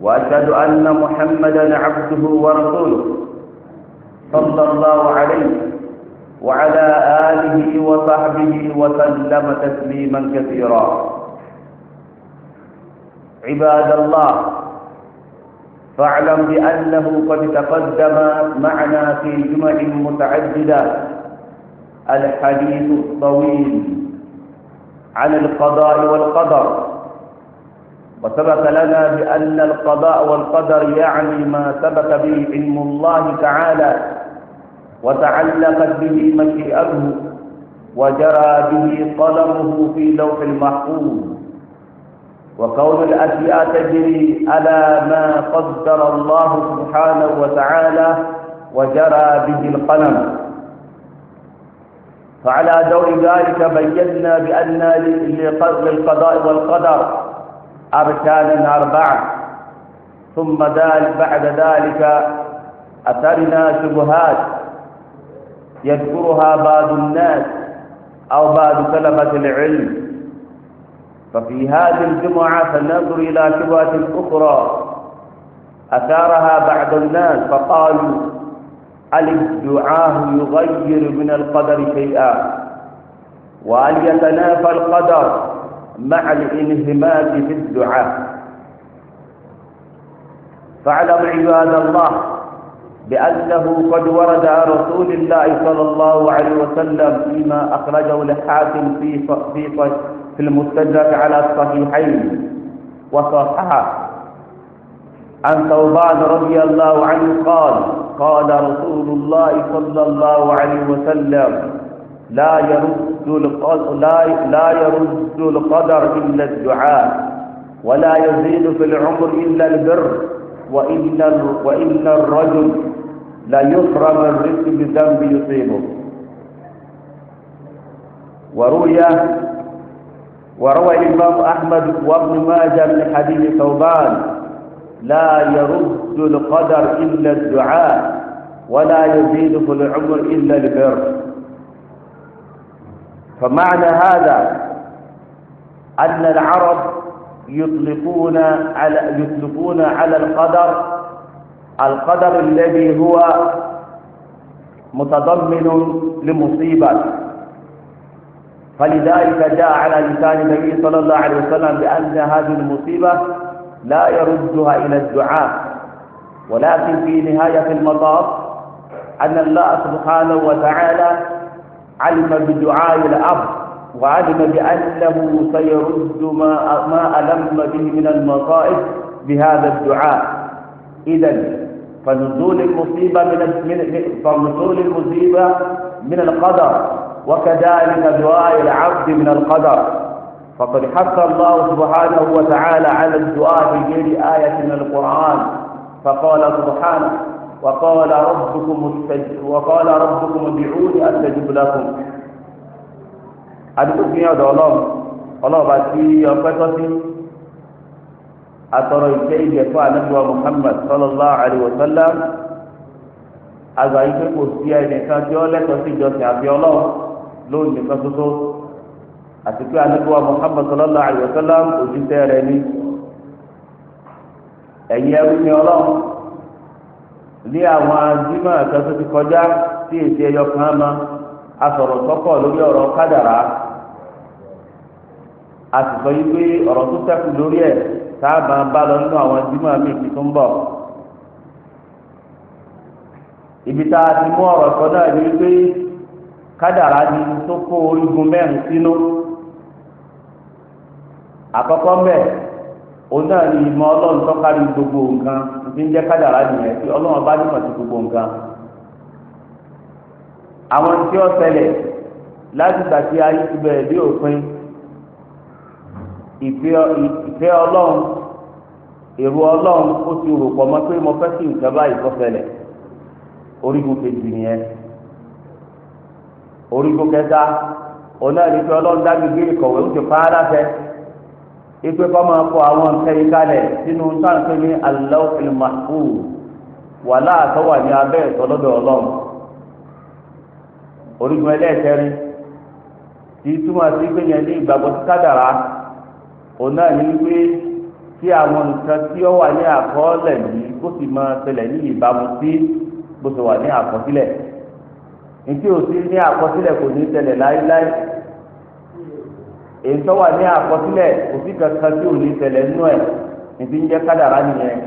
وأشهد أن محمدا عبده ورسوله صلى الله عليه وعلى آله وصحبه وسلم تسليما كثيرا عباد الله فاعلم بأنه قد تقدم معنا في جمع متعددة الحديث الطويل عن القضاء والقدر وثبت لنا بأن القضاء والقدر يعني ما ثبت به علم الله تعالى وتعلقت به مشيئته وجرى به قلمه في لوح المحفوظ وكون الأشياء تجري على ما قدر الله سبحانه وتعالى وجرى به القلم فعلى دور ذلك بينا بأن للقضاء والقدر أركان أربعة ثم ذلك بعد ذلك أثرنا شبهات يذكرها بعض الناس أو بعض طلبة العلم ففي هذه الجمعة سننظر إلى شبهة أخرى أثارها بعض الناس فقالوا دعاه يغير من القدر شيئا وأن يتنافى القدر مع الانهماك في الدعاء فاعلم عباد الله بأنه قد ورد عن رسول الله صلى الله عليه وسلم فيما أخرجه الحاكم في في في المستدرك على الصحيحين وصححه عن ثوبان رضي الله عنه قال قال رسول الله صلى الله عليه وسلم لا يرد القدر لا, لا يرد القدر إلا الدعاء ولا يزيد في العمر إلا البر وإن وإن الرجل لا يحرم الرزق بذنب يصيبه وروي وروى الإمام أحمد وابن ماجه من حديث ثوبان لا يرد القدر إلا الدعاء ولا يزيد في العمر إلا البر فمعنى هذا أن العرب يطلقون على يطلقون على القدر القدر الذي هو متضمن لمصيبة فلذلك جاء على لسان النبي صلى الله عليه وسلم بأن هذه المصيبة لا يردها إلى الدعاء ولكن في نهاية المطاف أن الله سبحانه وتعالى علم بدعاء الأب وعلم بأنه سيرد ما ما ألم به من المصائب بهذا الدعاء إذا فنزول المصيبة من فنزول المصيبة من القدر وكذلك دعاء العبد من القدر فقد حث الله سبحانه وتعالى على الدعاء في غير آية من القرآن فقال سبحانه وقال ربكم وقال ربكم ادعوني استجب لكم adúgbò fi ọ̀dọ̀ Ọlọ́run ọlọba tí ọpẹ́ tọ́sí atọrọ ìfẹ́ ìjẹfọ anabiwa Muhammad sallallahu alaihi wasallam àgbà yìí kò sí ẹnìkan tí ó lẹ́tọ̀ọ́ sí ìjọsìn àfi Ọlọ́run lóun nìkan ṣoṣo àti pé anabiwa Muhammad sallallahu alaihi wasallam òjútẹ rẹ̀ ni ẹ̀yin ẹrú ni Ọlọ́run. lé àwọn ajímọ̀ kan tó ti kọjá tí èsì ẹyọ kan mọ́ asọ̀rọ̀ sọ́kọ̀ lórí ọ̀rọ̀ kádàrá a yìí pé ọ̀rọ̀ tó sẹ́kù lórí ẹ̀ tá a máa bá lọ nínú àwọn bọ̀ ibi tá a ti mú ọ̀rọ̀ sọ náà ni pé kádàrá ni tó kó orígun mẹ́rin sínú àkọ́kọ́ òun náà ní ìmọ̀ ọlọ́run tó gbogbo nǹkan ní ń jẹ́ kádàrá nìyẹn tí gbogbo nǹkan. àwọn tí ó ṣẹlẹ̀ láti gbà tí ayé ti bẹ̀rẹ̀ bí òpin ìfẹ́ ọlọ́run èrò ọlọ́run ó ti rò pọ̀ mọ́ pé mo fẹ́ sí nǹkan báyìí tó ṣẹlẹ̀ orígun kejì nìyẹn orígun kẹta òun náà ipe kọ́ máa kọ àwọn nǹkan yìí kalẹ̀ sínú sáǹpé ní al-lawhil mahfuz wà láàtọ́ wà ní abẹ́ ìtọ́lọ́dọ̀ ọlọ́run orígun ẹlẹ́ẹ̀kẹrin tí túmọ̀ sí pé yẹn ní ìgbàgbọ́ sí kádàrá òun náà ní wípé kí àwọn nǹkan tí ó wà ní àkọọ́lẹ̀ yìí kó sì máa ṣẹlẹ̀ ní ìbámu sí bó ṣe wà ní àkọsílẹ̀ ní tí ò sí ní àkọsílẹ̀ kò ní ṣẹlẹ̀ láéláé èyí tó wà ní àkọsílẹ̀ òfin kankan tí ò ní ṣẹlẹ̀ nínú ẹ̀ ìdí ń jẹ́ kádàrá nìyẹn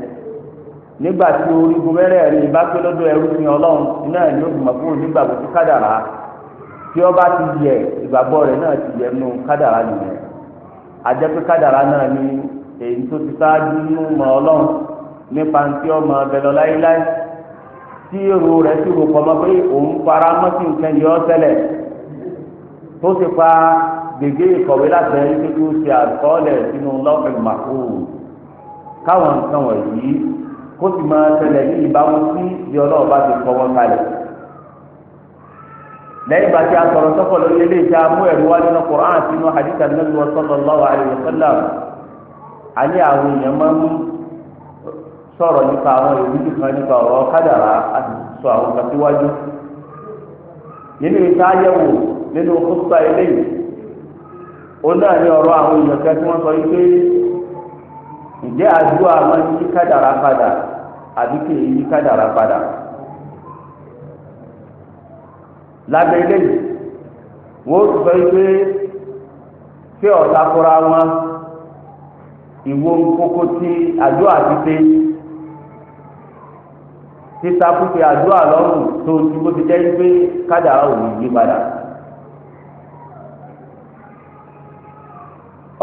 nígbà tí orígun mẹ́rẹ̀ẹ̀rin bá pé lọ́dọ̀ ẹrú fi ọlọ́run iná ẹ̀ ní ògùnmọ̀ fún onígbàgbọ́ sí kádàrá tí ọba ti yẹ ìgbàgbọ́ rẹ̀ náà ti yẹ nù kádàrá nìyẹn kádàrá náà ni èyí tó ti sáájú nínú mọ̀ ọlọ́run nípa tí ọmọ ọbẹ̀ lọ láíláí tí èrò rẹ̀ sì rò pọ̀ mọ́ pé òun fara nǹkan yọ gègé ìkọ̀wé láti ẹni pé kí ó ṣe àkọọ́lẹ̀ sínú lọ́ọ̀fẹ̀ màkúù káwọn nǹkan wọ̀nyí kó sì máa tẹ̀lé ní ìbámu sí bí ọlọ́ọ̀bá ti kọ́ wọn kalẹ̀ lẹ́yìn bá ti a sọ̀rọ̀ sọ́kọ̀ lórí ilé ìjà mú ẹ̀rú wá nínú Qur'an àti inú hadith anabi wa sallallahu alayhi wa sallam àní àwọn èèyàn máa ń sọ̀rọ̀ nípa àwọn ìwúdí kan nípa ọ̀rọ̀ kádàrá àti sọ àwọn kan síwájú nínú ìta ayẹ̀wò nínú kúta eléyìí ó náà ní ọ̀rọ̀ àwọn èèyàn kan tí wọ́n sọ yìí pé ǹjẹ́ àdúrà máa ń yí kádàrá padà àbí kì í yí kádàrá padà lábẹ́ eléyìí wọ́n ó sọ yìí ṣé ọ̀tá kura wọn ìwo kókó tí ti dé títa àdúrà tó ti bó ti ò ní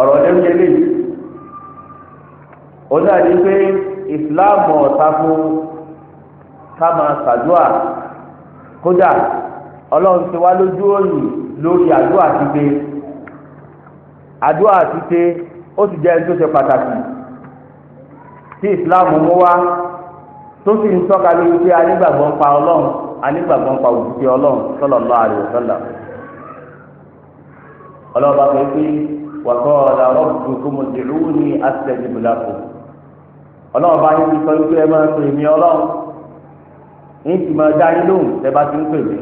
ọ̀rọ̀ lẹ́nu eléyìí ó dàbí pé ìsìláàmù ọ̀tá fún ká máa ṣàdúà kódà ọlọ́run ti wá lójú òyìn lórí àdúà títe àdúà títe ó sì jẹ́ ẹni tó ṣe pàtàkì tí ìsìláàmù mú wá tó sì ń tọ́ka lórí pé anígbàgbọ́ pa ọlọ́run anígbàgbọ́ pa òjijì ọlọ́run sallallahu alaihi wasallam ọlọ́run pé. وقال ربكم ادعوني استجب لكم ọlọ́run bá yín sọ wípé ẹ máa pè mí ọlọ́run ní ti máa dá yín lóhùn tẹ bá ti ń pè mí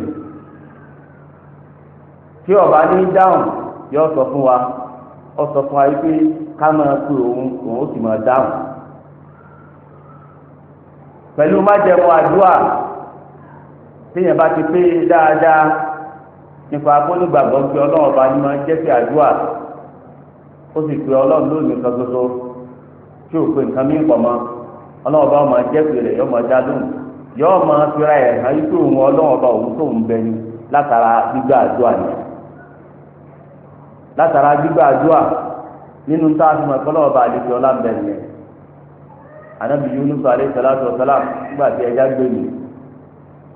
tí ọba ní dáhùn yóò sọ fún wa ó sọ fún wa wípé ká máa pè òun òun ó sì máa dáhùn pẹ̀lú májẹ̀mú àdúrà téèyàn bá ti pé dáadáa nípa akónígbàgbọ́ pé ọlọ́run bá yín máa jẹ́ sí àdúrà. ó sì pe ọlọ́run ló lè kan ṣoṣo tí ò pé nǹkan mí pọ̀ mọ́ ọlọ́run bá máa jẹ́ rẹ̀ yọ́ máa dá yọ́ máa fira ẹ̀ hàn yín ọlọ́run ọba òun tó nínú tá a fi ọba anabi yunus alayhi salatu wa nígbà tí ẹja gbé mi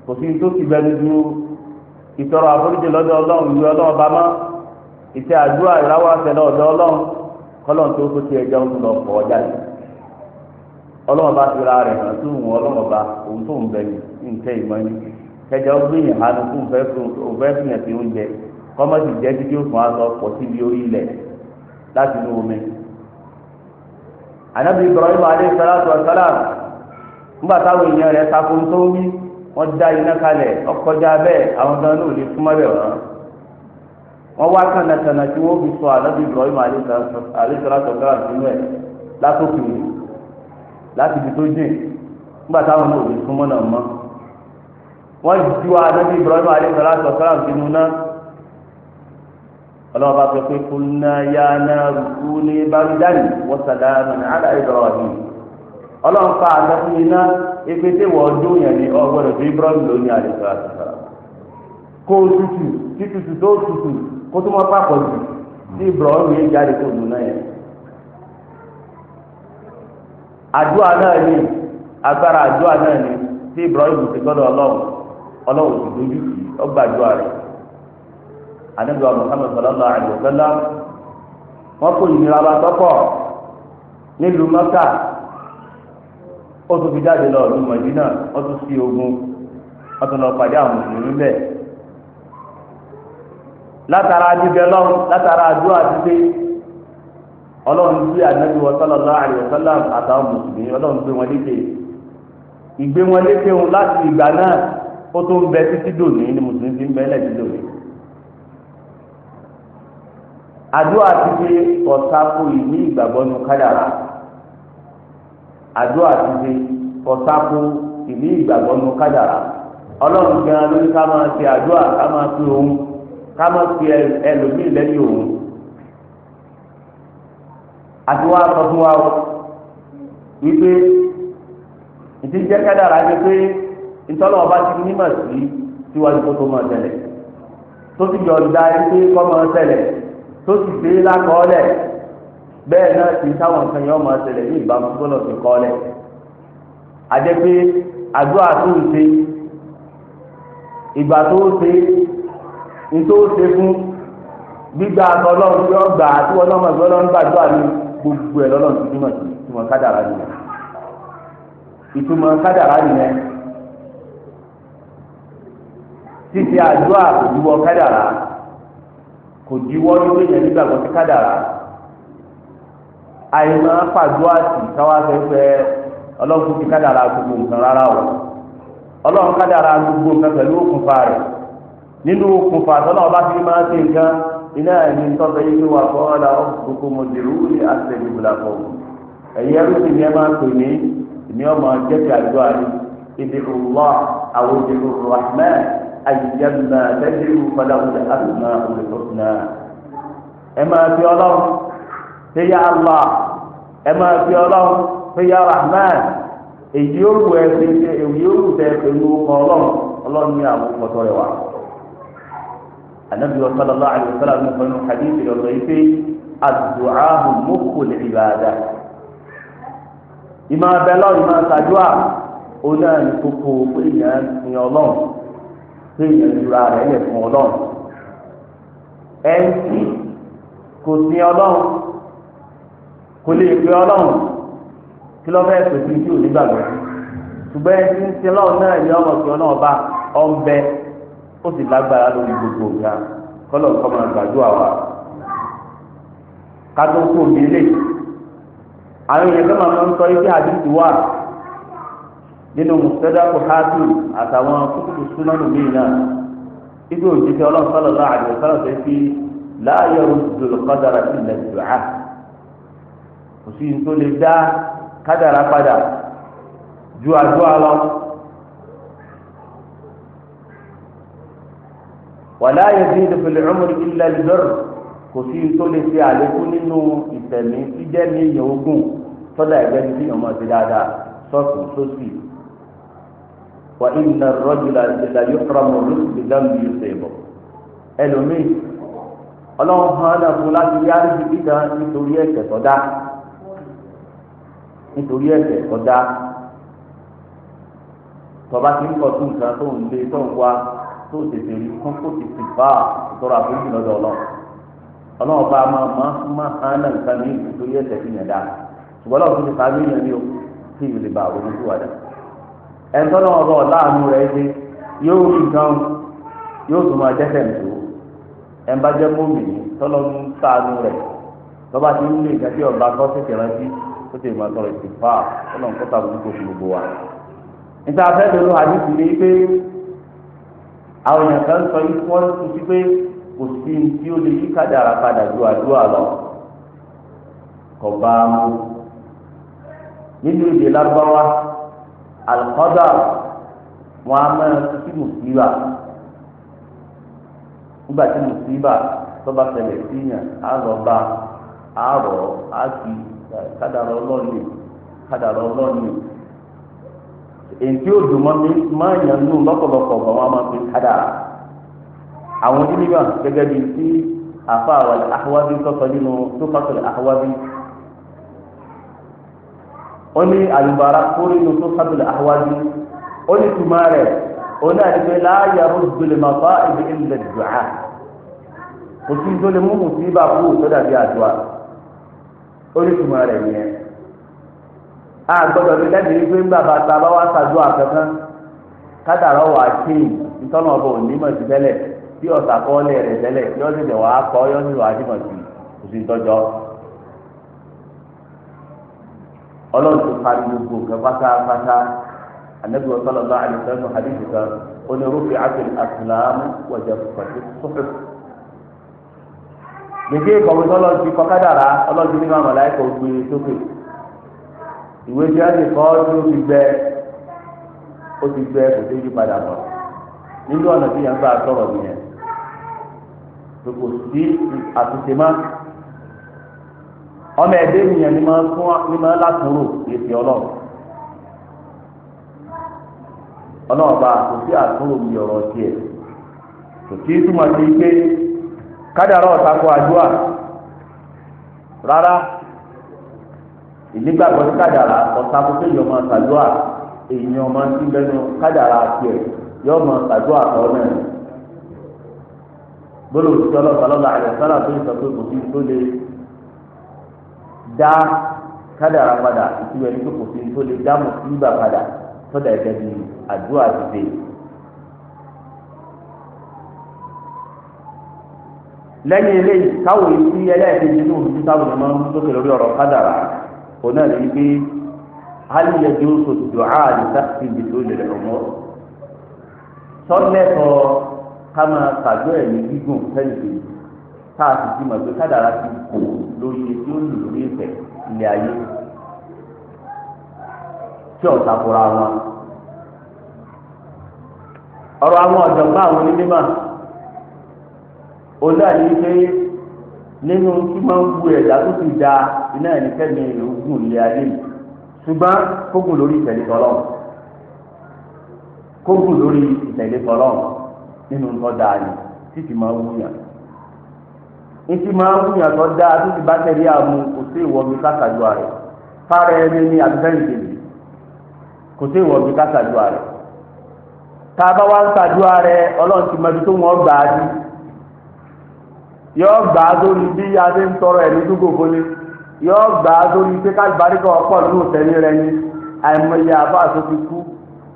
kò sí ti ìṣe àdúrà ìrawọ́ àṣẹlẹ̀ ọ̀dọ̀ ọlọ́run kọ́lọ́n tó kó tiẹ̀ jẹun tó lọ fọ́ ọjà yìí bá ti ra rẹ̀ hàn tó wù ọlọ́run bá òun tó ń bẹ ní nǹkẹ́ ìmọ̀ ni kẹjọ gbìyànjú hanu fún sí oúnjẹ títí ó fún aṣọ salatu wí dá iná wọ́n wá kànàkànà tí wọ́n fi sọ ànábì Ibrahim alẹ́sọ̀rọ̀sọ̀ kára látòkè láti ibi tó jìn nígbà táwọn náà ò lè súnmọ́ náà mọ́ wọ́n ju ànábì Ibrahim alẹ́sọ̀rọ̀sọ̀ sínú náà ọlọ́wọ́ bá sọ pé kúnná yá náà rúkú ní wọ́n àdá fa iná ebi tí wọ́n dún yẹn ọgbọ́dọ̀ bí Ibrahim lónìí kó tutù títutù tó tutù kó tó wọn pàpọ̀ jù tí ibrahim yẹn jáde tó dùn náà yẹn. àdúrà náà ni agbára àdúrà náà ni tí ibrahim ti gbọ́dọ̀ ọlọ́run ọlọ́run ti dojú sí ọgbà àdúrà rẹ̀. wọn kò ìnira bá tọ́pọ̀ nílùú mọ́kà ó tún fi jáde lọ ọdún ó tún látara bíbẹ lọ́wọ́ látara àdúrà dídé ọlọ́run gbé ànábi wọ sallallahu alaihi wasallam àtàwọn mùsùlùmí ọlọ́run gbé wọn ìgbé wọn lékè wọn láti ìgbà náà ó tó ń bẹ títí dòní ni mùsùlùmí ti ń bẹ yìí ní ìgbàgbọ́ nu yìí ní ìgbàgbọ́ nu ká má fi ẹlòmíì lẹ́yìn òun àti wá sọ fún wa wípé ìdí jẹ́ kádàrá ni pé ìtọ́lọ́ ọba ti nímọ̀ sí síwájú kó tó máa tẹ̀lẹ̀ tó ti yọ̀ ọ̀dà ẹgbẹ́ kọ́ máa tẹ̀lẹ̀ tó ti gbé lákọ́ọ́lẹ̀ bẹ́ẹ̀ náà ti táwọn nǹkan yẹn máa tẹ̀lẹ̀ ní ìbámu gbọ́dọ̀ fi kọ́ọ́lẹ̀ àjẹpé àdúrà tó ń ṣe ìgbà tó ń ṣe ètò o fún gbígbà ọlọ́run tí wọ́n gbà tí wọ́n mọ̀ gbàdúrà ní gbogbo ẹ̀ lọ́lọ́run ti dúmọ̀ sí ìtumọ̀ kádàrá nìyẹn ìtumọ̀ kádàrá nìyẹn títí àdúrà kò kádàrá kò diwọ́ nígbè yẹn nígbàgbọ́ sí kádàrá fàdúrà sí ọlọ́run ti kádàrá gbogbo nǹkan rárá o ọlọ́run kádàrá nínú okùnfà tọ́lá ọba tí máa ṣe nǹkan iná ẹ̀mí tọ́tọ̀ yìí ló wà fọ́ ọ́lá ọkùnkùn kò mọ̀ dèrú ní àtẹ̀lẹ́gbùlà fọ́ ẹ̀yẹ rúbì ni ẹ máa pè ní ìní ọmọ jẹ́kẹ̀ àjọ àrí ìdìrúwà àwọn ìdìrú rahman àyíjẹ́mà tẹ́lẹ̀rú padàbọ̀dà àtúnà olùtọ́sùnà ẹ máa fi ọlọ́run ṣe yá Allah ẹ máa fi ọlọ́run ṣe yá rahman èyí yóò wù ẹ ṣe ṣe èyí yóò wù ẹ ṣe ní ọkọ̀ ọlọ́run anabi wa sallallahu alayhi wa sallam ní ọ̀nà hadithi rẹ̀ sọ pé adu'ahu mukhul ibada ìmọ̀ abẹ́lọ́ ìmọ̀ àtàdúrà ó náà ní kókó pé èèyàn ń ọlọ́run pé èèyàn jura rẹ̀ lè fún ọlọ́run ẹ̀ńtì kò sí ọlọ́run kò lè pe ọlọ́run kí lọ́ fẹ́ẹ́ pèsè tí ò ní gbàgbọ́ ṣùgbọ́n ẹ̀ńtì ń ṣe lọ́run náà ní ọmọ sí ọlọ́run ọba ó sì lágbára lórí gbogbo nǹkan kọ́lọ̀ nǹkan máa gbàdúrà wa ká tó kó omi lè àwọn èèyàn kan máa ń sọ ibi àdìsí wà nínú mùsùlùmí hàtù àtàwọn kúkúrú súnmọ́nù míì náà ibi òjijì ọlọ́run sọ̀rọ̀ náà àdìsí sọ̀rọ̀ fẹ́ fi láàyè òdòdó kọ́dára sí ilẹ̀ ìdùá kò sí ní tó lè dá kádàrá padà ju àdúrà lọ. wàlá yazidu fil umri illa al-birr kò sí tó lè ṣe àlékún nínú ìtẹ̀mí jíjẹ́ ní èèyàn ogún tọ́lá ẹ̀gbẹ́ ní ọmọ ti dáadáa sọ́ọ̀tún sósì wà inna ar-rajula la yuhramu bi dhanbi yusibu ẹlòmíì ọlọ́run hàn án nàkú láti yá ní ibi kan nítorí ẹ̀ṣẹ̀ tọ́dá nítorí ẹ̀ṣẹ̀ tọ́dá tọba ti ń kọ́ tún nǹkan tó ń lé tó ń wá. tó tètè rí kún kó ti fà á tọrọ àforíjì lọ́dọ̀ ọlọ́run ọlọ́run bá máa máa máa hàn náà nǹkan ní tó yẹ ẹsẹ̀ fi yàn dáa ṣùgbọ́n lọ́run tó ti fàá ní o kí ìlú lè bá tó wà dá ẹ̀ńtọ́ náà rẹ̀ ṣe yóò yóò tún àwọn èèyàn kan sọ yìí fún ọ́n tuntun pé kò sí tí ó lè yí kádàrá padà ju àdúrà lọ kò bá a mú nínú èdè lágbáwá àlùkọ́dà wọn á máa sí mùsíbà nígbà tí mùsíbà tó bá síyàn á lọ bá a rọ̀ á kì í ọlọ́ọ̀nì kádàrá ọlọ́ọ̀nì èyí ò dùn mọ́ mi máa yàn nù lọ́pọ̀lọpọ̀ bọ̀ wọ́n máa fi kádà àwọn onímọ̀ gẹ́gẹ́ bíi tí àfa àwọn àhọ́wábí sọ́sọ́ nínú tó fásọ̀rọ̀ àhọ́wábí ó ní àlùbárà kó nínú tó fásọ̀rọ̀ àhọ́wábí ó ní tùmọ̀ rẹ̀ ó ní àdìgbé láàyè àwọn gbèlémà fá ibi ilẹ̀ dùá kò sí tó mú mùsùlùmí bá kú tó dàbí àdúrà ó ní tùmọ̀ rẹ̀ yẹn. ha gbọ́dọ̀ fi lẹ́bi pé bàbá ta bá wá sàdúrà kankan kádàrá wà á ntọ́nà ọba ò mọ̀ sí tẹ́lẹ̀ bí ọ̀sà kọ́ọ́lẹ̀ rẹ̀ tẹ́lẹ̀ yọ́ sì wà á kọ́ yọ́ sì wà sí tọ́jọ́. ọlọ́run tó gbogbo nǹkan pátápátá anabi wa sọlọ kan àtìlámù pàṣẹ ìkọ̀wé ti kọ́ ọlọ́run ìwé tí a ti kọ́ tí ó ti gbẹ ó ti gbẹ kò sí yí padà bọ̀ nínú ọ̀nà tí yẹn a sọ̀rọ̀ nìyẹn tó kò sí àtúnṣe má ọmọ ẹ̀dẹ́ nìyẹn ni máa fún ni máa látúrò èsì ọlọ́run ọlọ́ọ̀ba kò sí mi ọ̀rọ̀ tiẹ̀ kò sí túmọ̀ sí pé ìdígbàgbọ́ ní kádàrà kadara kó kéèyàn máa ṣàdúrà èèyàn máa ti lẹ́nu kádàrà tiẹ̀ yóò máa ṣàdúrà tọ́ náà bólú òṣìṣẹ́ ọlọ́sàlọ́lá àyẹ̀sálà tó ń sọ pé kò tó lè dá kádàrà padà ìtura ẹni tó tó lè dá mùsùlùmí padà ẹ̀jẹ̀ ti dé. lẹ́yìn eléyìí káwọ̀ yìí sí ẹlẹ́ẹ̀kejì ní kò náà lè gbé aliyah jésù dùcá àdìsáàtì bìtú lè lọ́mọ. sọ́lẹ́tọ̀ ká máa kàdó ẹ̀mí gígùn kẹ́yìndé tá a sì ti kò àwọn ọ̀jọ̀gbọ́n àwọn onímọ̀ òun náà nínú tí ń bu tó ti iná ẹni kẹ́mi ìlú ayé yìí ṣùgbọ́n kó lórí ìtẹ̀lé tọ́lọ́ kó lórí ìtẹ̀lé tọ́lọ́ nínú nǹkan dáa ni títí máa wú yàn ìtì máa wú yàn tó dáa títí bá tẹ̀lé àmú kò sí ìwọ́bi kákàjọ rẹ̀ ẹni ní kò sí ìwọ́bi tá a bá wá ń ọlọ́run ti mọ ibi tó wọ́n gbà á sí yọ gbà á sórí bí adé ń tọrọ yọọ gbà á lórí pé kálíbáríkà ọ̀pọ̀ nínú tẹ̀lé rẹ ni àìmọye àbá tó ti kú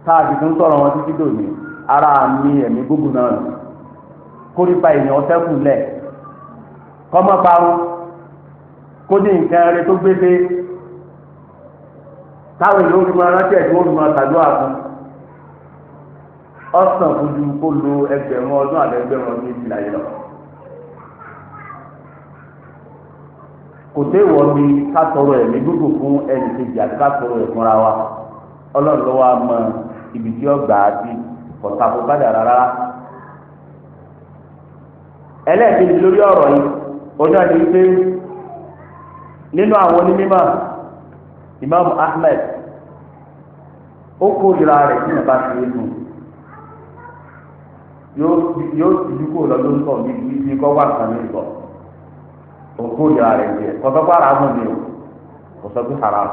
káàdì tó ń sọ̀rọ̀ wọn títí dòní ara mi ẹ̀mí gbogbo náà kórìpa èèyàn sẹ́kù lẹ̀ kọ́mọ́ parun kó ní nǹkan rẹ tó gbé dé táwọn èèyàn kò tẹ́ wọ́n mi ká tọrọ ẹ̀mí gbogbo fún ẹnì kejì àti ká tọrọ ẹ̀ fúnra wa ọlọ́run ló wá mọ ibi tí ó gbà á kọ̀tàkó rárá. ẹlẹ́ẹ̀kejì lórí ọ̀rọ̀ yìí oní àti nínú àwọn onímọ̀ Imam Ahmed ó rẹ̀ nù yóò ti dúkò lọ́dún òkú ìyá rẹ̀ jẹ kọ́tọ́kọ́ ara mọ̀ ni o kò sọ pé haram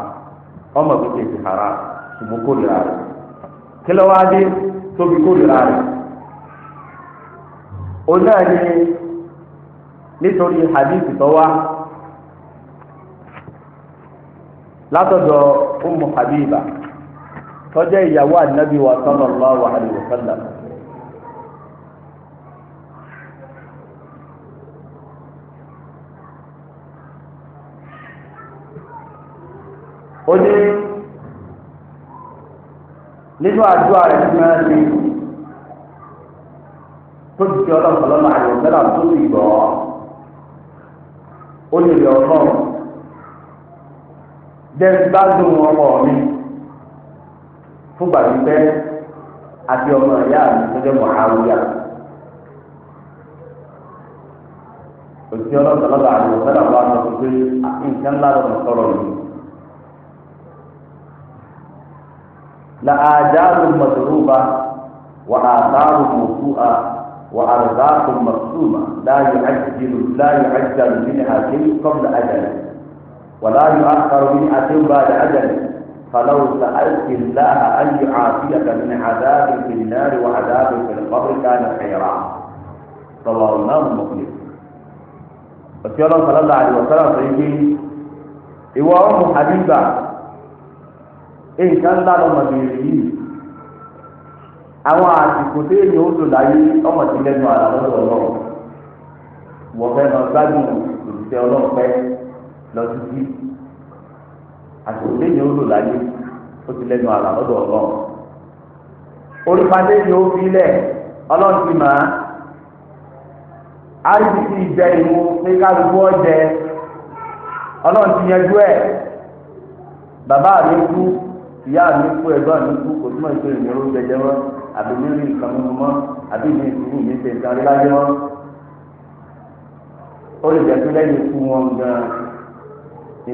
ọmọ mi kì í ti haram ṣùgbọ́n kó ìyá rẹ̀ kí ló wáá dé tóbi kó ìyá rẹ̀ o náà ní nítorí hadith tó wá látọ̀dọ̀ Ummu Habiba tó ìyàwó ànábì wa sallallahu alaihi wa sallam. ó ní nínú àdúrà rẹ̀ tí wọ́n ti tó ti fi ọlọ́pàá lọ́nà àyè ọ̀gbẹ́là tó ti gbọ́ ó lè lọ ọmọ mi fúgbà pípẹ́ àti ọmọ ìyá mi tó jẹ́ mọ̀háwíyà. òtí ọlọ́pàá lọ́nà àyè ọ̀gbẹ́là wà lọ́sọ̀tún ah, nǹkan ńlá na sọrọ yìí. لآجال مضروبة وآثار موسوعة وأرزاق مقسومة لا يعجل لا يعجل منها شيء قبل أجل ولا يؤخر من أجل بعد أجل فلو سألت الله أن يعافيك من عذاب في النار وعذاب في القبر كان خيرا الله عليه وسلم وفي الله صلى الله عليه وسلم يقول إيوه حبيبه nǹkan ńlá lọmọ bèrè yìí àwọn àsìkò tó èèyàn ó lò láyé ọmọ ti lẹ́nu àlà lọ́dọ̀ Ọlọ́run wọ́n fẹ́ lọ gbádùn òṣìṣẹ́ Ọlọ́run pẹ́ lọ títí àsìkò tó èèyàn ó lò láyé ó ti lọ́dọ̀ ó fi àìsíkì ìjẹ kálukú ìyá mi kú ẹ̀gbọ́n mi kú kò àbí mi rí nǹkan mímu àbí mi mi ṣe nǹkan láyé ó lè jẹ́ pé lẹ́yìn ikú wọn gan-an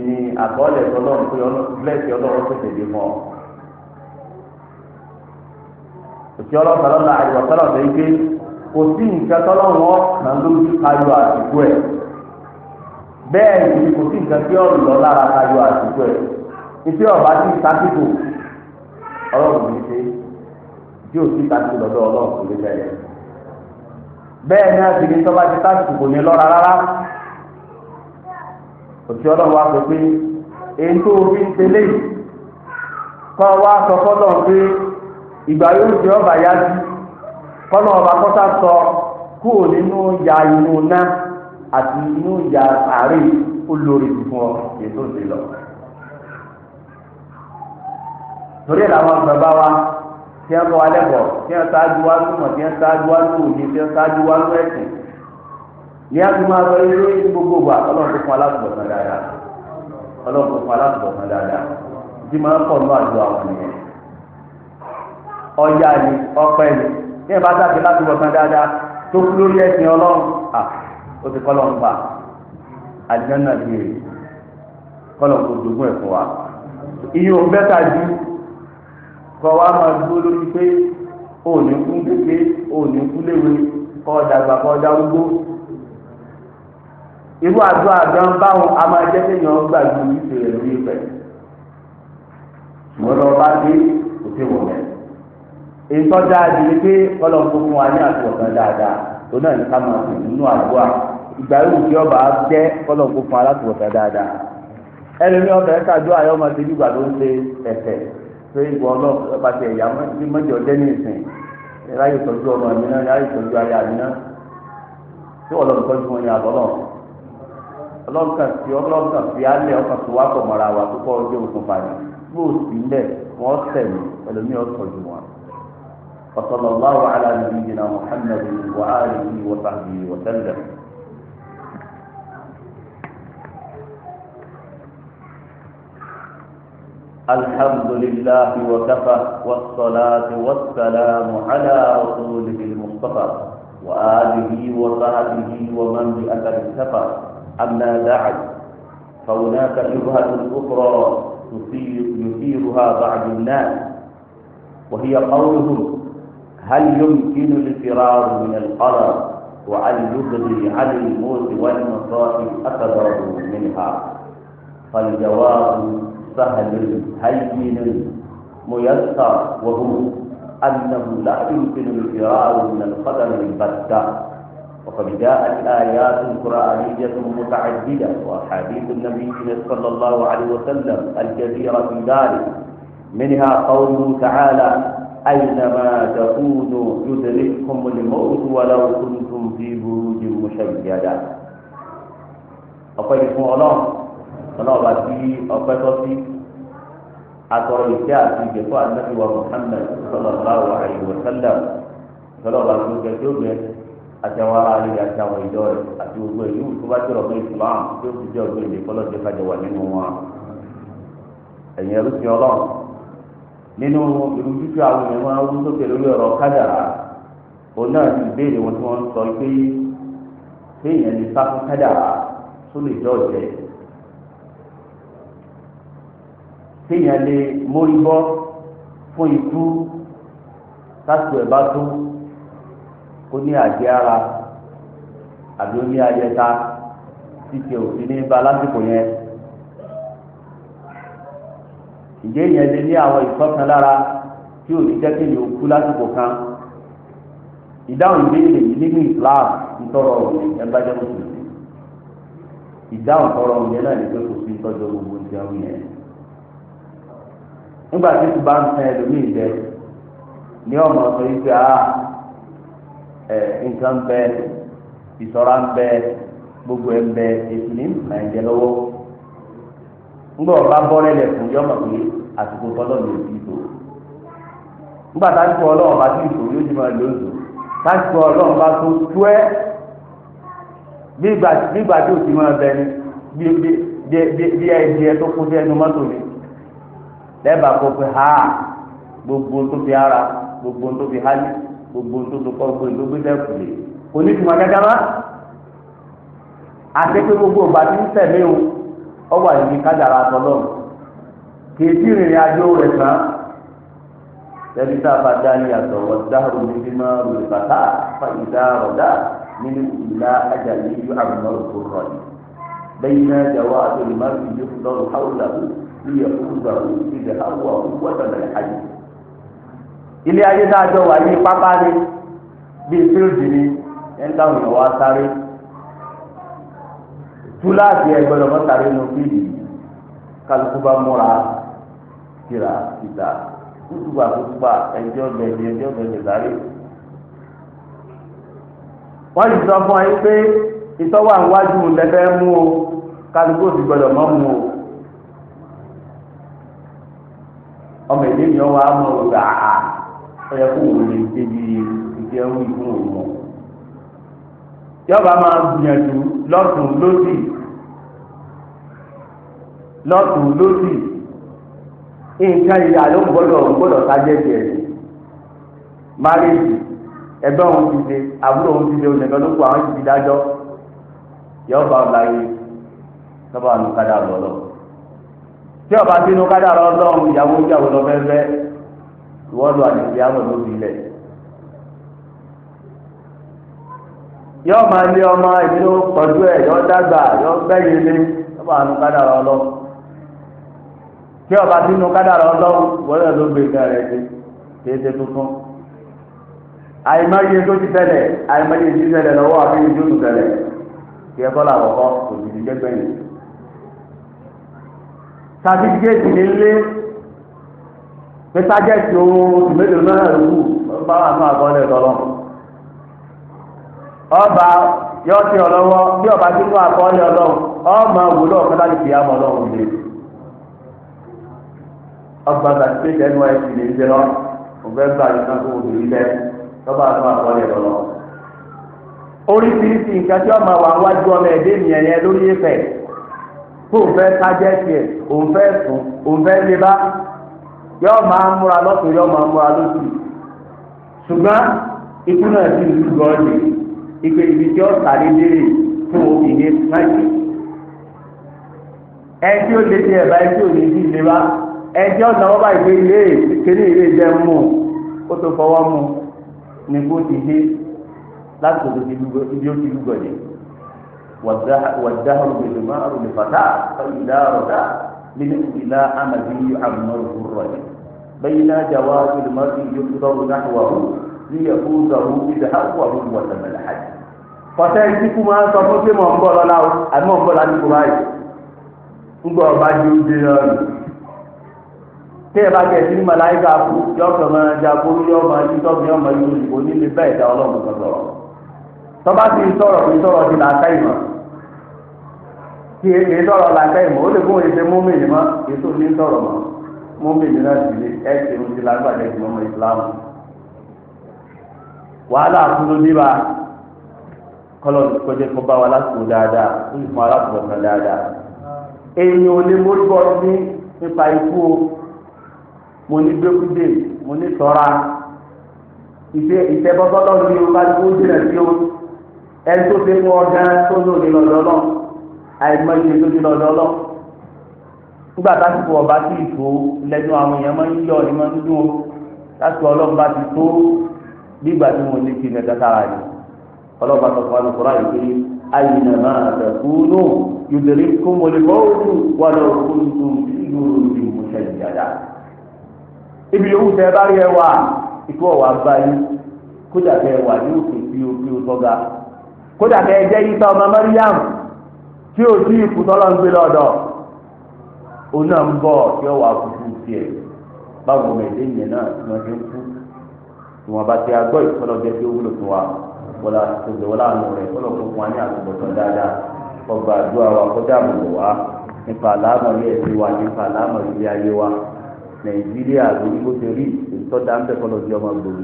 ni àkọọ́lẹ̀ ọlọ́run pé blẹ́ẹ̀sì ọlọ́run pèsè dé mọ́. òtí ọlọ́run lọ́la àìwọ̀ sọ́lọ̀ bẹ́ẹ̀ gbé kò sí nǹkan tọ́lọ́run lójú ẹ̀ ni kò sí nǹkan tí lọ ìfẹ́ ọ̀bá tí ìtàkìkò ọlọ́run ní ṣe tí ò sí ìtàkìkò lọ́dọ̀ ọlọ́run kò lè bẹ̀rẹ̀ bẹ́ẹ̀ ni àtìgé tó bá ti tàkìkò kò ní lọ́ra rárá òtí ọlọ́run wá sọ pé èyí tó fi ń tẹ̀lé kọ́ wá sọ fọ́lọ́ pé ìgbà yóò ṣe ọba yá sí kọ́nà ọba kọ́sà sọ kúrò nínú ìyá inú náà àti inú ìyá àárẹ̀ olórí fún ọ ètò ìlọ́ọ̀ torí ẹ̀ làwọn bàbá wa tí wọ́n kọ́ wa lẹ́kọ̀ọ́ tí wọ́n ṣáájú wa ló mọ̀ tí wọ́n ṣáájú wa ló òye tí wọ́n ṣáájú wa ló ẹ̀sìn ní àtúmọ̀ àtọ́ ilé ní gbogbo wa ọlọ́run tó fún aláàbọ̀sán dáadáa ọlọ́run tó fún aláàbọ̀sán dáadáa tí máa ń pọ̀ ní àjọ àwọn ènìyàn ọ̀yà ni ọ̀pẹ ni ní ẹ̀ bá sáfì láti wọ̀sán dáadáa tó kú lórí ẹ̀sìn ọlọ́run à ó ti kọ́ kọ́ wa máa dúró lórí pé òní kún kéke òní kún léwe kọ́ dàgbà kọ́ darúgbó irú àdó àdán báwọn a máa jẹ́ kéèyàn gbàgbé ìṣe rẹ̀ lórí ìfẹ́ ṣùgbọ́n lọ́wọ́ bá dé kò sí wọ̀ mẹ́. ètò dáadé ni pé ọlọ́run tó fún wa ní àti ọ̀gá dáadáa tó náà ní ká máa sùn nínú àdó à ìgbà yóò fi ọba jẹ́ ọlọ́run tó fún wa láti ọ̀gá dáadáa. ẹlẹ́mi ọ̀fẹ́ ṣàdó àyọ́mọ ti dùgbà ló ń ṣe ẹ̀fẹ̀ pé ìwọ ọlọ́run ọba ti ẹ̀yà bí mọ́jọ jẹ́ ní ìsìn ráyè tọ́jú ọmọ mi náà ráyè tọ́jú aya mi náà tí wọ́n lọ tọ́jú wọn ní àbọ̀lọ́ ọlọ́run kan fi ọlọ́run kan fi alẹ́ ọkàn tó wá tọ̀mọ̀ra wa tó kọ́ ọjọ́ òkun fàyè yóò sí lẹ̀ wọ́n sẹ̀ mí ẹlòmíì ọ̀tọ̀jú wọn. وصلى الله على نبينا محمد وآله وصحبه وسلم الحمد لله وكفى والصلاة والسلام على رسوله المصطفى وآله وصحبه ومن بأثر اكتفى أما بعد فهناك شبهة أخرى يثيرها بعض الناس وهي قولهم هل يمكن الفرار من القرار وأن يبغي عن الموت والمصائب أكثر منها فالجواب سهل هين ميسر وهو أنه لا يمكن الفرار من القدم البتة وقد جاءت آيات قرآنية متعددة وأحاديث النبي صلى الله عليه وسلم الكثيرة في ذلك منها قوله تعالى أينما تكونوا يدرككم الموت ولو كنتم في بروج مشيدة. أقول لكم الله ọlọ́ọ̀bá tí ọpẹ́ tọ́ sí atọrọ ìfẹ́ àti ìgbẹ́fọ́ ànábì wa Muhammad sallallahu alaihi wa sallam ọlọ́ọ̀bá tó gẹ tó gẹ àtàwọn ará rẹ̀ àtàwọn ìjọ rẹ̀ àti gbogbo ẹ̀ yóò tó bá jẹ́ ọ̀gbẹ́ Islam tó ti jẹ́ ọ̀gbẹ́ ìdè kọ́lọ́jẹ́ kájọ wà nínú wọn. ẹ̀yin ẹ̀rú ti ọlọ́run nínú irú títí àwọn èèyàn máa ń wú sókè lórí ọ̀rọ̀ kádàrá òun náà ti béèrè wọn tí wọ́n ń sọ pé téèyàn lè sá fún kádàrá tó lè jọ ọ̀jẹ̀ téèyàn lè mórí bọ́ fún ikú lásìkò ẹ̀ bá tó ó ní àjẹ́ ara àbí ó ní ayẹta títí òfin ní ba lásìkò yẹn ìjẹ́ yẹn lè ní àwọn ìtọ́kan lára tí ò ní jẹ́ kéèyàn kú lásìkò kan ìdáhùn ìbéèrè yìí nínú Islam ń tọrọ ọ̀rọ̀ ẹ̀ bá jẹ́ mùsùlùmí ìdáhùn tọrọ ọ̀rọ̀ yẹn náà ní pé kò sí ìtọ́jú gbogbo ìjẹun yẹn nígbà tí kò bá ń tan ẹlòmíì jẹ ní ọmọ sọ yìí pé a ah, ẹ nǹkan bẹ ìṣọ́ra ń bẹ gbogbo ẹ ń bẹ èsì ní nàìjẹ lọ́wọ́ nígbà ọba bọ́lẹ̀ lẹ̀ fún yọ ọmọ pé àsìkò tọ́lọ̀ lè fi tò nígbà táàkì ọlọ́run bá ti tò yóò ti máa lò ó tò táàkì ọlọ́run bá tó tó ẹ́ bí ìgbà tí ò ti máa bẹ ni bí ẹ jẹ tó kó sí ẹnu mọ́tò ni. lẹ́ẹ̀bà kó fi ha gbogbo tó fi ara gbogbo tó fi hali gbogbo tó fi kọ́ gbogbo tó fi dẹ́kù kò ní tuma àti gbogbo ọba tí ń tẹ̀lé o ọba àyíké kájàrá tọ́lọ́ kì í sí àjò rẹ̀ kan tẹbi tá a bá dá ní àtọ̀ wọ́n dáhùn máa bàtà nínú ìlà náà rọ̀ yìí liyẹ̀kúzàwò ìdè awọ wọ́tẹ̀lẹ̀ ayé. ilé ayé dájọ́ wà ní pápá ni bíi fíldì ni ẹ̀ ń táwọn èèyàn wá sáré. túláàsì ẹgbẹ́rún ọmọ sáré nù fídì kálukú bá múra kíra kíta kútùgbà kútùgbà ẹjọ́ bẹ̀rẹ̀ ẹjọ́ bẹ̀rẹ̀ sáré. wọ́n ti sọ fún ẹ pé ìtọ́wà ń wájú lẹ́fẹ́ mú o kálukú ti gbọ́dọ̀ mọ́ mú o. ọmọ ìdí mi ọwọ́ àmọ́ òwúrọ̀ àhà ó yẹ kó wò lè débi ìdí ẹrú ìfún òun mọ́. yọba máa gbìyànjú lọ́tún lósì lọ́tún lósì nǹkan ìyá ló ń gbọ́dọ̀ ń gbọ́dọ̀ sájẹ́ tiẹ̀ márèjì ẹgbẹ́ òun ti ṣe àbúrò òun ti ṣe onìkan ló àwọn ti fi dájọ́ yọba ọ̀la yìí lọ́ba àlùkádà tí ọba bínú kádàrá ọlọ́run ìyàwó ìyàwó lọ fẹ́fẹ́ ìwọ́n lu àdìsí àwọn olóbi ilẹ̀. yọ máa lé ọmọ ìbínú pọ̀jù ẹ̀ yọ dàgbà yọ gbẹ́yìn lé ọba àánú kádàrá ọlọ́run tí ọba bínú kádàrá ọlọ́run wọlé ló gbé ìgbà rẹ̀ dé kéde tuntun. àìmọye tó ti tẹ̀lẹ̀ àìmọye ti tẹ̀lẹ̀ lọ́wọ́ àbí ìdúró tẹ̀lẹ̀ kí ẹ kọ́ làwọ̀ kọ́ òbí tàbí géètì nílé pété géètì ohun ìmẹ́lẹ̀ náà rú bá wà fún àgọ́lẹ̀ ọba yọ ọ ọlọ́wọ́ bí ọba ti fún àkọọ́lẹ̀ ọlọ́run ọmọ òwúlọ̀ kọ́tà lè fi àmọ́ ọlọ́run ọgbà pé lè lọ gbà lọ́ba lọ́lọ́ oríṣiríṣi nǹkan tí ọmọ wa wájú ọmọ ẹ̀dẹ́ nìyẹn lórí ẹ̀fẹ̀ tó o fẹ́ kájẹ́ tiẹ̀ òun fẹ́ sùn òun fẹ́ lé bá yọ máa múra lọ́sùn yọ máa múra lóṣù ṣùgbọ́n ikú náà ti lù gọ́ọ̀dì ìpè ibi tí ó sàrí léèrè tó o fi ní máìkì tí ó lé tiẹ̀ bá ẹ tí ò ní bí lé bá ẹ tí ó náwó bá ìgbé ilé kéde ilé jẹ mú o tó fọwọ́ mú ni kó ti dé láti òdo ibi ó ti lù gọ́ọ̀dì. والدهر بالمار لفتاة فإذا ردى لمثل لا أمد يعمره الرجل بين جواز المرء يقدر نحوه ليفوزه بدهر وهو الحج fọtẹ ìdíkù máa ń sọ fún pé mọ̀ ń bọ̀ lọ́la o àbí mọ̀ ń bọ̀ ládùúgbò báyìí ń gbọ́ ọba ju oúnjẹ náà nù. tí ẹ bá jẹ sí màláìka kú yọ kàn máa jago yọ máa yí tọ́bi yọ máa yí onílé bẹ́ẹ̀ dá ọlọ́run sọ̀rọ̀ tọ́ba ti sọ̀rọ̀ fi sọ̀rọ̀ ti là á ká ìmọ̀ kí èyí sọ̀rọ̀ làkà ìmọ̀ ó lè fún èyí ṣe mọ́mìnì mọ́ èso ní sọ̀rọ̀ mọ́ mọ́mìnì náà sì lè ẹ̀ ṣe oúnjẹ lágbàdé ìmọ̀ ọmọ ìsìlámù wàhálà àkúndó níbà kọlọ̀ kọjá kó bá wa lásìkò dáadáa ó sì fún aláàbò kan dáadáa èyí ò lè mórí bọ́ ní nípa ikú o mo ní gbẹ́kúdé mo ní sọ́ra ìfẹ́ ìfẹ́ bọ́bọ́lọ́ ni o bá gbó jìnà sí o ẹni tó fi mú ọjà àìmọye lójú lọ́dọ̀ lọ nígbà tásìkò ọba tí ì tó lẹ́nu àwọn èèyàn máa ń yọ máa ń dún o tásìkò ọlọ́ba ti tó nígbà tí wọn lè fi nẹ̀ẹ́dá sára rẹ̀ ọlọ́ba tó fọ́ alùpùpù pé ibi yòówù tẹ bá rí wà kódà tẹ fi tọ́ga kódà tẹ tí ò tí ì kùtọ́ lọ́n gbé lọ́dọ̀ òun náà ń bọ̀ tí ó wà kúkú tiẹ̀ báwo mẹ́lẹ́ yẹn náà tí wọ́n ti ń kú tí wọ́n bá ti agbọ́ ìfọlọ́ jẹ́ tí ó wúlò fún wa wọ́n ti tẹ̀lé wọ́n láàánú rẹ̀ fọlọ́ fún wa ní àtúbọ̀tán dáadáa ọgbà àdúrà wa kọjá àbùkù wa nípa àlámọ̀ ilé ẹ̀sìn wa nípa àlámọ̀ ilé ayé wa nàìjíríà lórí bó ṣe rí ìtọ́jà ń bẹ̀ kọ́lọ́ di ọmọ gbòòrò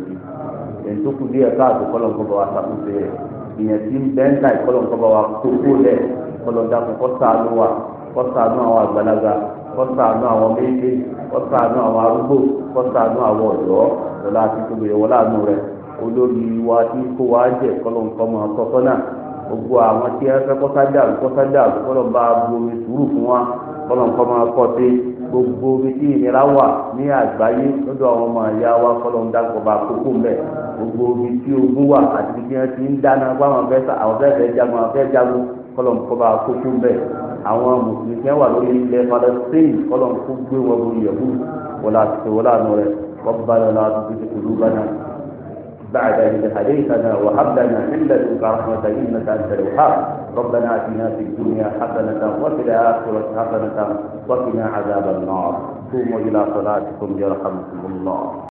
èyí tó kù díẹ̀ káàtó kọ́lọ́ ń kọ́ bá wa ṣàkóso rẹ̀ ìyẹn tí ń bẹ́ńtà ìkọ́lọ́ ń kọ́ bá wa kókó lẹ̀ kọlọdàkùn kọsàánù wa kọsàánù àwọn àgbàlagbà kọsàánù àwọn méjì kọsàánù àwọn arúgbó kọsàánù àwọn ọ̀dọ́ lọlá àti tóbi ìwọ láàánú rẹ olórí wa tí kó wa jẹ kọlọǹkọmọ gbogbo àwọn tí ẹ fẹ́ kọsádàrú kọsádàrú bomi sùúrù fún wa gbogbo omi tí ìnira wà ní àgbáyé àwọn ọmọ ìyá wa bá kókó mbẹ gbogbo omi tí ogun wà àti bí wọn ti ń dáná jagun àwọn kọlọ̀nkọba àkókò bẹ́ẹ̀ àwọn mùsùlùmí kẹ́ wà lórí ilẹ̀ Palestine kọlọ̀nkọ gbé wọn lórí yẹ̀wù wọlé àtúntò wọlé àná rẹ̀ wọ́pọ̀ lọ́la àtúntò ti kùlù bánà بعد إذ هديتنا لنا من لدنك رحمة إنك أنت الوهاب ربنا آتنا في الدنيا حسنة وفي الآخرة حسنة وقنا عذاب النار قوموا إلى صلاتكم يرحمكم الله